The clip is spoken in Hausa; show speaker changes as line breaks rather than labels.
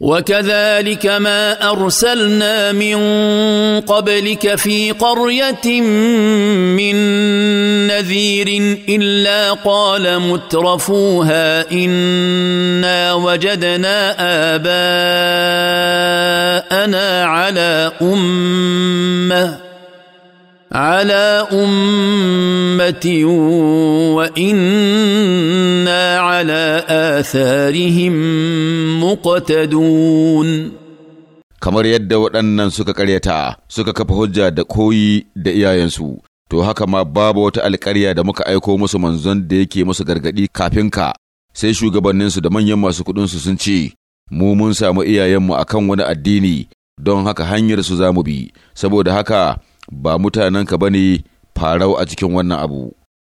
وكذلك ما ارسلنا من قبلك في قريه من نذير الا قال مترفوها انا وجدنا اباءنا على امه على امه برحمه
وانا
على اثارهم مقتدون
kamar yadda waɗannan suka ƙaryata suka kafa hujja da koyi da iyayensu to haka ma babu wata alƙarya da muka aiko musu manzon da yake musu gargaɗi kafin ka sai shugabanninsu da manyan masu kuɗinsu sun ce mu mun samu iyayenmu a kan wani addini don haka hanyar su za mu bi saboda haka ba mutanenka ba ne farau a cikin wannan abu